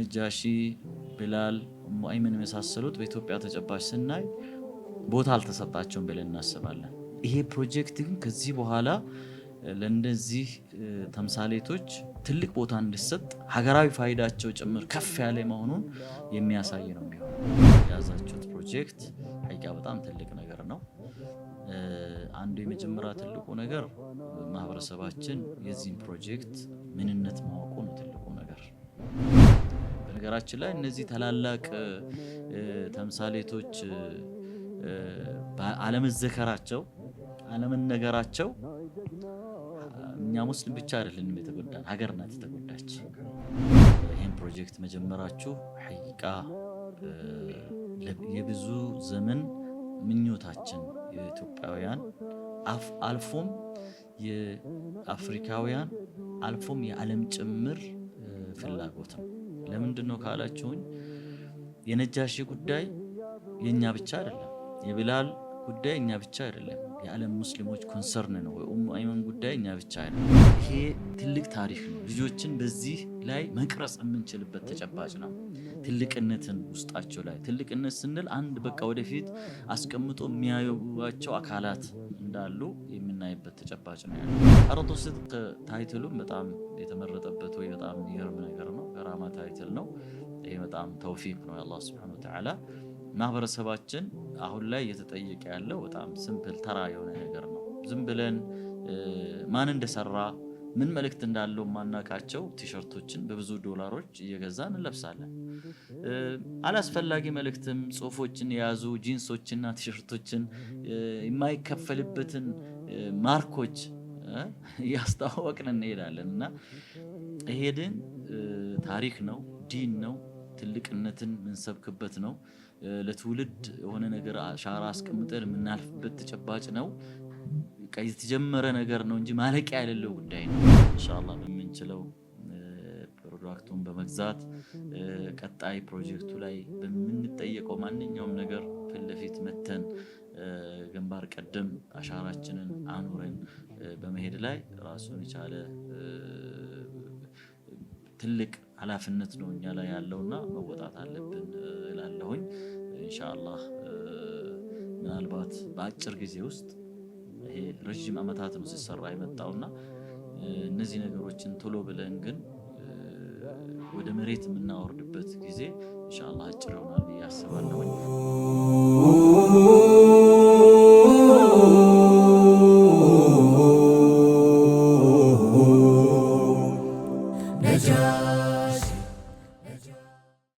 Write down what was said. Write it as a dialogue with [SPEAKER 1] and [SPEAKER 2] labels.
[SPEAKER 1] ነጃሺ፣ ብላል፣ ሙአይምን የመሳሰሉት በኢትዮጵያ ተጨባጭ ስናይ ቦታ አልተሰጣቸውም ብለን እናስባለን። ይሄ ፕሮጀክት ግን ከዚህ በኋላ ለእንደዚህ ተምሳሌቶች ትልቅ ቦታ እንድሰጥ ሀገራዊ ፋይዳቸው ጭምር ከፍ ያለ መሆኑን የሚያሳይ ነው የሚሆን የያዛችሁት ፕሮጀክት ሀቂቃ በጣም ትልቅ ነገር ነው። አንዱ የመጀመሪያ ትልቁ ነገር ማህበረሰባችን የዚህን ፕሮጀክት ምንነት ማወቁ ሀገራችን ላይ እነዚህ ታላላቅ ተምሳሌቶች አለመዘከራቸው አለመነገራቸው እኛ ሙስሊም ብቻ አይደለንም የተጎዳን፣ ሀገር ናት የተጎዳች። ይህን ፕሮጀክት መጀመራችሁ ሐቂቃ የብዙ ዘመን ምኞታችን የኢትዮጵያውያን አልፎም የአፍሪካውያን አልፎም የዓለም ጭምር ፍላጎት ነው። ለምንድን ነው ካላችሁኝ የነጃሺ ጉዳይ የእኛ ብቻ አይደለም የብላል ጉዳይ እኛ ብቻ አይደለም። የዓለም ሙስሊሞች ኮንሰርን ነው። የኡሙ አይመን ጉዳይ እኛ ብቻ አይደለም። ይሄ ትልቅ ታሪክ ነው። ልጆችን በዚህ ላይ መቅረጽ የምንችልበት ተጨባጭ ነው። ትልቅነትን ውስጣቸው ላይ ትልቅነት ስንል አንድ በቃ ወደፊት አስቀምጦ የሚያዩዋቸው አካላት እንዳሉ የምናይበት ተጨባጭ ነው አረቶ ስድቅ ታይትሉም በጣም የተመረጠበት ወይ በጣም የሚገርም ነገር ነው። ገራማ ታይትል ነው ይህ። በጣም ተውፊቅ ነው የአላህ ስብሐነሁ ወተዓላ ማህበረሰባችን አሁን ላይ እየተጠየቀ ያለው በጣም ስምፕል ተራ የሆነ ነገር ነው። ዝም ብለን ማን እንደሰራ ምን መልእክት እንዳለው ማናቃቸው ቲሸርቶችን በብዙ ዶላሮች እየገዛ እንለብሳለን። አላስፈላጊ መልእክትም ጽሁፎችን የያዙ ጂንሶችና ቲሸርቶችን የማይከፈልበትን ማርኮች እያስተዋወቅን እንሄዳለን እና ይሄ ታሪክ ነው፣ ዲን ነው ትልቅነትን ምንሰብክበት ነው። ለትውልድ የሆነ ነገር አሻራ አስቀምጠን የምናልፍበት ተጨባጭ ነው። የተጀመረ ነገር ነው እንጂ ማለቂያ የሌለው ጉዳይ ነው። እንሻላ በምንችለው ፕሮዳክቱን በመግዛት ቀጣይ ፕሮጀክቱ ላይ በምንጠየቀው ማንኛውም ነገር ፊት ለፊት መተን ግንባር ቀደም አሻራችንን አኑረን በመሄድ ላይ ራሱን የቻለ ትልቅ ኃላፊነት ነው እኛ ላይ ያለውና መወጣት አለብን እላለሁኝ። ኢንሻአላህ ምናልባት በአጭር ጊዜ ውስጥ ይሄ ረዥም ዓመታት ነው ሲሰራ የመጣውና እነዚህ ነገሮችን ቶሎ ብለን ግን ወደ መሬት የምናወርድበት ጊዜ ኢንሻአላህ አጭር ይሆናል ብዬ አስባለሁኝ።